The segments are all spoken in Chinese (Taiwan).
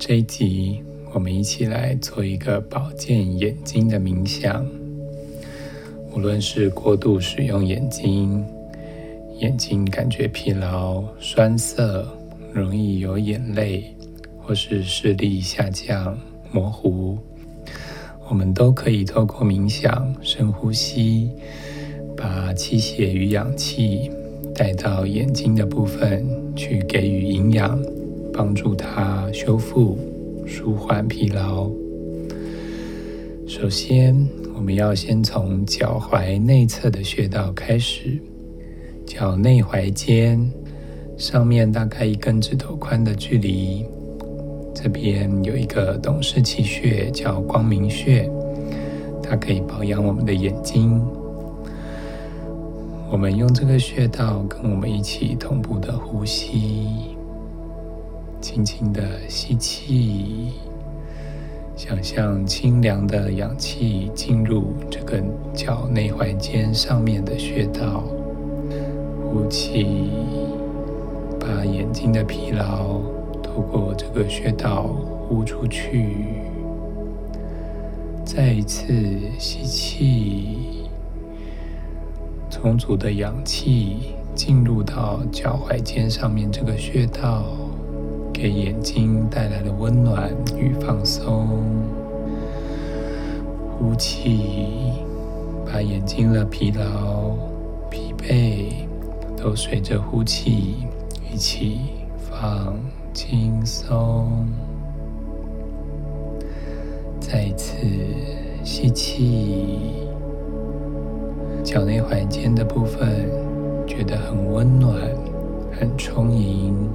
這一集，我們一起來做一個保健眼睛的冥想。無論是過度使用眼睛，眼睛感覺疲勞、酸澀，容易有眼淚，或是視力下降、模糊，我們都可以透過冥想、深呼吸，把氣血與氧氣帶到眼睛的部分去，給予營養。幫助它修復、舒緩疲勞。首先，我們要先從腳踝內側的穴道開始，腳內踝尖上面大概一根指頭寬的距離，這邊有一個董氏奇穴叫光明穴，它可以保養我們的眼睛。我們用這個穴道跟我們一起同步的呼吸。輕輕的吸氣，想象清涼的氧氣進入這個腳內踝尖上面的穴道；呼氣，把眼睛的疲勞透過這個穴道呼出去。再一次吸氣，充足的氧氣進入到腳踝尖上面這個穴道。給眼睛帶來了溫暖與放鬆。呼氣，把眼睛的疲勞、疲憊都隨着呼氣一起放輕鬆。再一次吸氣，腳內踝尖的部分覺得很溫暖，很充盈。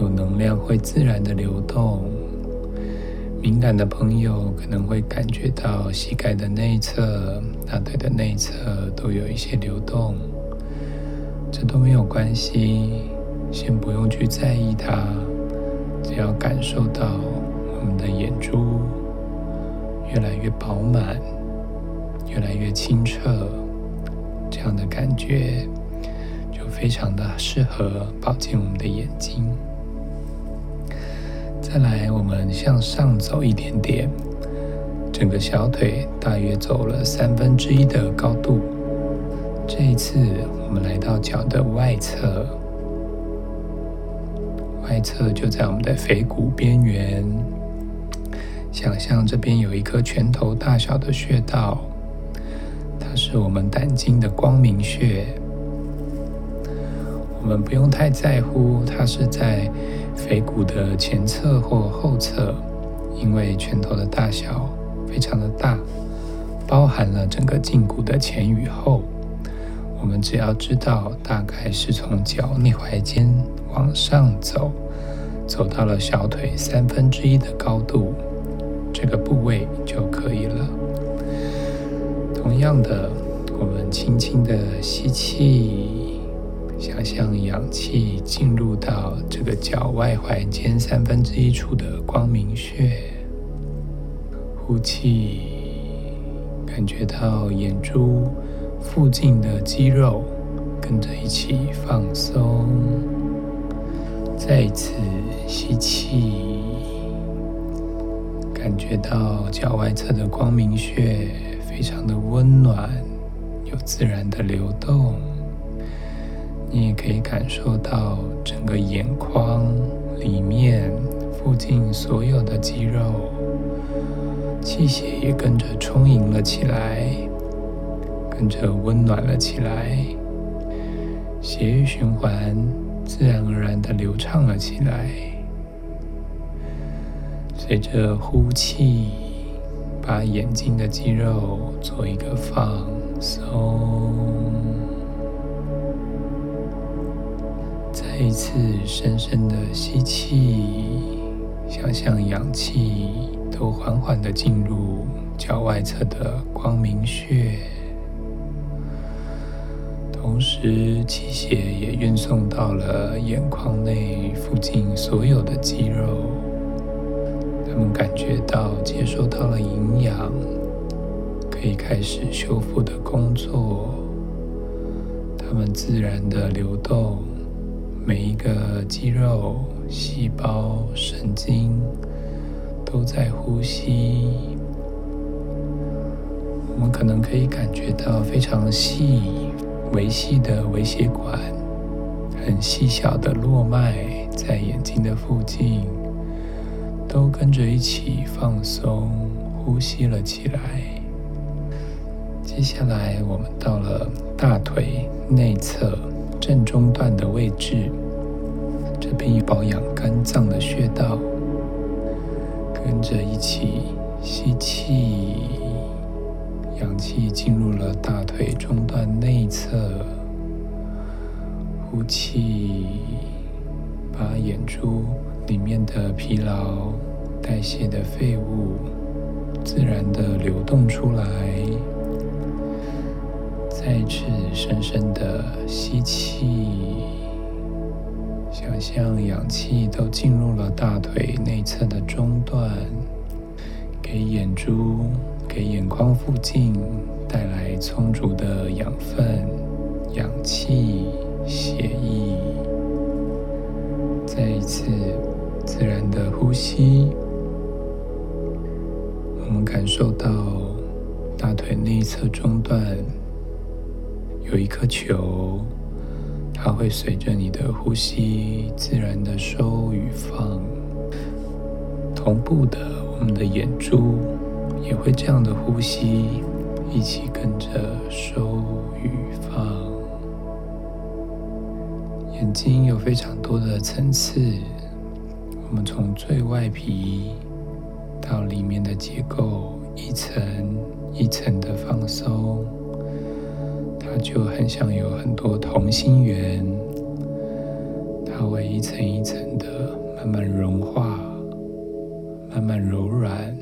有能量會自然的流動，敏感的朋友可能會感覺到膝蓋的內側、大腿的內側都有一些流動，這都沒有關係，先不用去在意它，只要感受到我們的眼珠越來越飽滿、越來越清澈，這樣的感覺就非常的適合保健我們的眼睛。再來，我們向上走一點點，整個小腿大約走了三分之一的高度。這一次，我們來到腳的外側，外側就在我們的腓骨邊緣。想象這邊有一顆拳頭大小的穴道，它是我們膽經的光明穴。我們不用太在乎它是在腓骨的前側或後側，因為拳頭的大小非常的大，包含了整個脛骨的前與後。我們只要知道大概是從腳內踝尖往上走，走到了小腿三分之一的高度，這個部位就可以了。同樣的，我們輕輕的吸氣。想象氧氣進入到這個腳外踝尖三分之一處的光明穴，呼氣，感覺到眼珠附近的肌肉跟着一起放鬆。再一次吸氣，感覺到腳外側的光明穴非常的溫暖，有自然的流動。你也可以感受到整個眼眶裡面附近所有的肌肉，氣血也跟着充盈了起來，跟着溫暖了起來，血液循環自然而然的流暢了起來。隨着呼氣，把眼睛的肌肉做一個放鬆。一次深深的吸氣，想象氧氣都緩緩的進入腳外側的光明穴，同時氣血也運送到了眼眶內附近所有的肌肉，他們感覺到接收到了營養，可以開始修復的工作，他們自然的流動。每一個肌肉、細胞、神經都在呼吸。我們可能可以感覺到非常細微細的微血管，很細小的絡脈在眼睛的附近，都跟着一起放鬆、呼吸了起來。接下來，我們到了大腿內側。正中段的位置，這邊保養肝臟的穴道，跟着一起吸氣，氧氣進入了大腿中段內側，呼氣，把眼珠裡面的疲勞、代謝的廢物自然的流動出來。再一次深深的吸氣，想象氧氣都進入了大腿內側的中段，給眼珠、給眼眶附近帶來充足的養分、氧氣、血液。再一次自然的呼吸，我們感受到大腿內側中段。有一顆球，它會隨着你的呼吸自然的收與放。同步的，我們的眼珠也會這樣的呼吸，一起跟着收與放。眼睛有非常多的層次，我們從最外皮到裡面的結構，一層一層的放鬆。它就很像有很多同心圓，它會一層一層的慢慢融化，慢慢柔軟，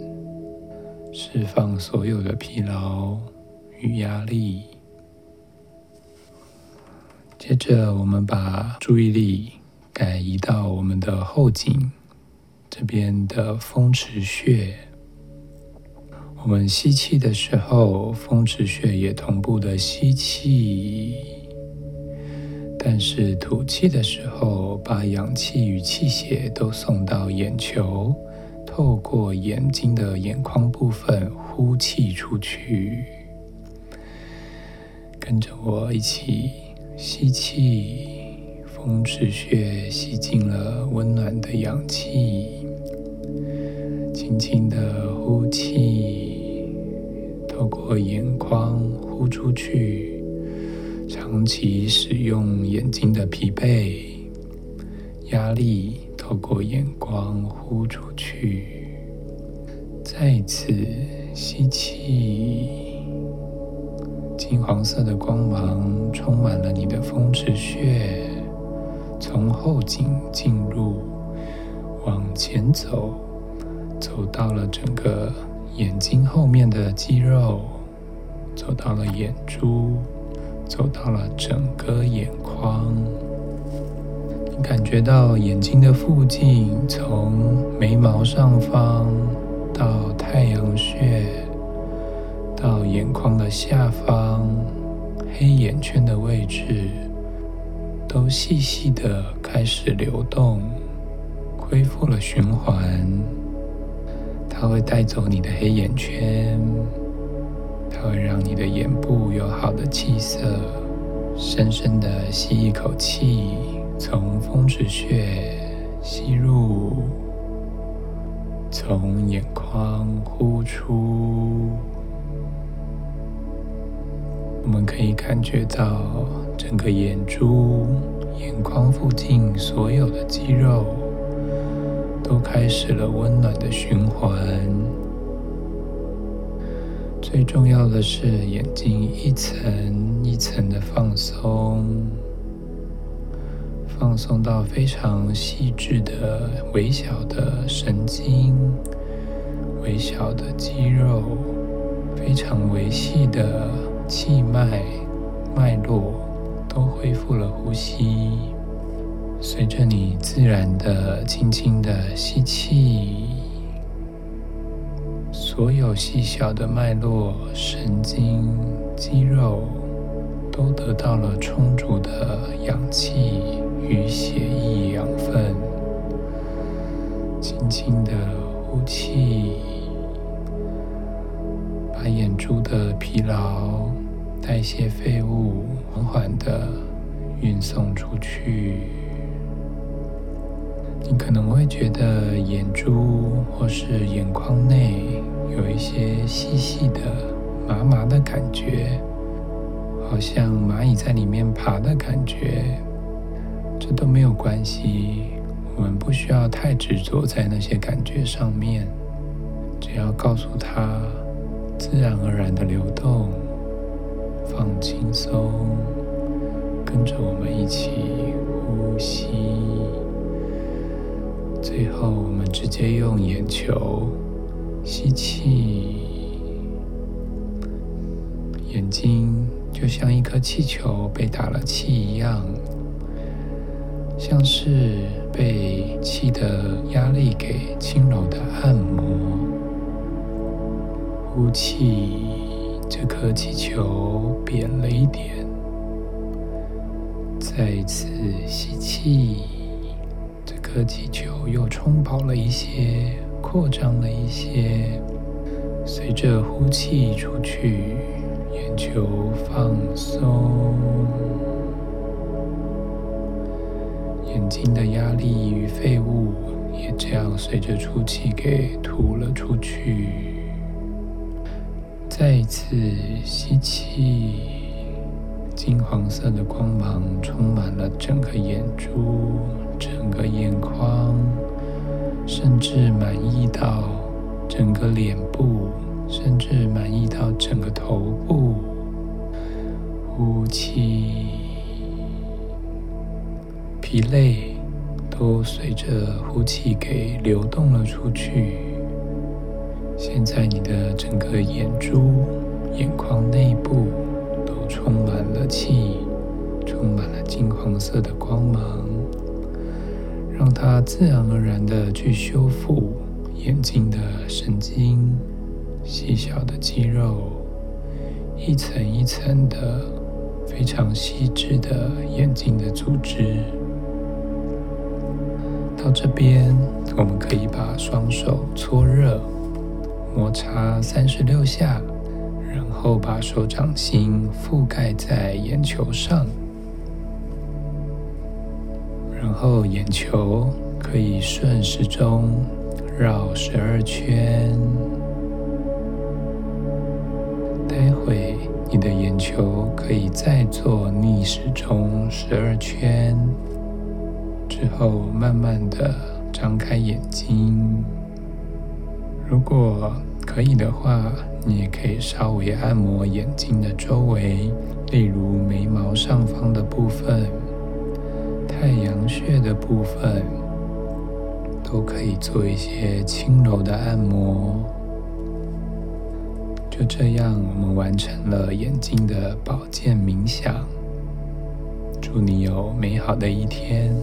釋放所有的疲勞與壓力。接着，我們把注意力轉移到我們的後頸這邊的風池穴。我們吸氣的時候，風池穴也同步的吸氣，但是吐氣的時候，把氧氣與氣血都送到眼球，透過眼睛的眼眶部分呼氣出去。跟着我一起吸氣，風池穴吸進了溫暖的氧氣，輕輕的。呼氣，透過眼眶，呼出去，長期使用眼睛的疲憊、壓力，透過眼光呼出去。再次吸氣，金黃色的光芒，充滿了你的風池穴，從後頸進入，往前走。走到了整個眼睛後面的肌肉，走到了眼珠，走到了整個眼眶。你感覺到眼睛的附近，從眉毛上方到太陽穴，到眼眶的下方，黑眼圈的位置，都細細的開始流動，恢復了循環。它會帶走你的黑眼圈，它會讓你的眼部有好的氣色。深深的吸一口氣，從風池穴吸入，從眼眶呼出。我們可以感覺到整個眼珠、眼眶附近所有的肌肉。都開始了溫暖的循環。最重要的是，眼睛一層一層的放鬆，放鬆到非常細緻的微小的神經、微小的肌肉、非常微細的氣脈脈絡，都恢復了呼吸。隨着你自然的、輕輕的吸氣，所有細小的脈絡、神經、肌肉都得到了充足的氧氣與血液養分。輕輕的呼氣，把眼珠的疲勞、代謝廢物緩緩的運送出去。你可能會覺得眼珠或是眼眶內有一些細細的、麻麻的感覺，好像螞蟻在裡面爬的感覺。這都沒有關係，我們不需要太執着在那些感覺上面，只要告訴它自然而然的流動，放輕鬆，跟着我們一起呼吸。最後，我們直接用眼球吸氣，眼睛就像一顆氣球被打了氣一樣，像是被氣的壓力給輕柔的按摩。呼氣，這顆氣球扁了一點。再一次吸氣。熱氣球又充飽了一些，擴張了一些。隨着呼氣出去，眼球放鬆，眼睛的壓力與廢物也這樣隨着出氣給吐了出去。再一次吸氣。金黃色的光芒充滿了整個眼珠、整個眼眶，甚至滿溢到整個臉部，甚至滿溢到整個頭部。呼氣，疲累都隨着呼氣給流動了出去。現在你的整個眼珠、眼眶內部。充滿了氣，充滿了金黃色的光芒，讓它自然而然的去修復眼睛的神經、細小的肌肉、一層一層的、非常細緻的眼睛的組織。到這邊，我們可以把雙手搓熱，摩擦三十六下。然後把手掌心覆蓋在眼球上，然後眼球可以順時鐘繞十二圈。待會你的眼球可以再做逆時鐘十二圈，之後慢慢的張開眼睛。如果可以的話。你也可以稍微按摩眼睛的周圍，例如眉毛上方的部分、太陽穴的部分，都可以做一些輕柔的按摩。就這樣，我們完成了眼睛的保健冥想。祝你有美好的一天。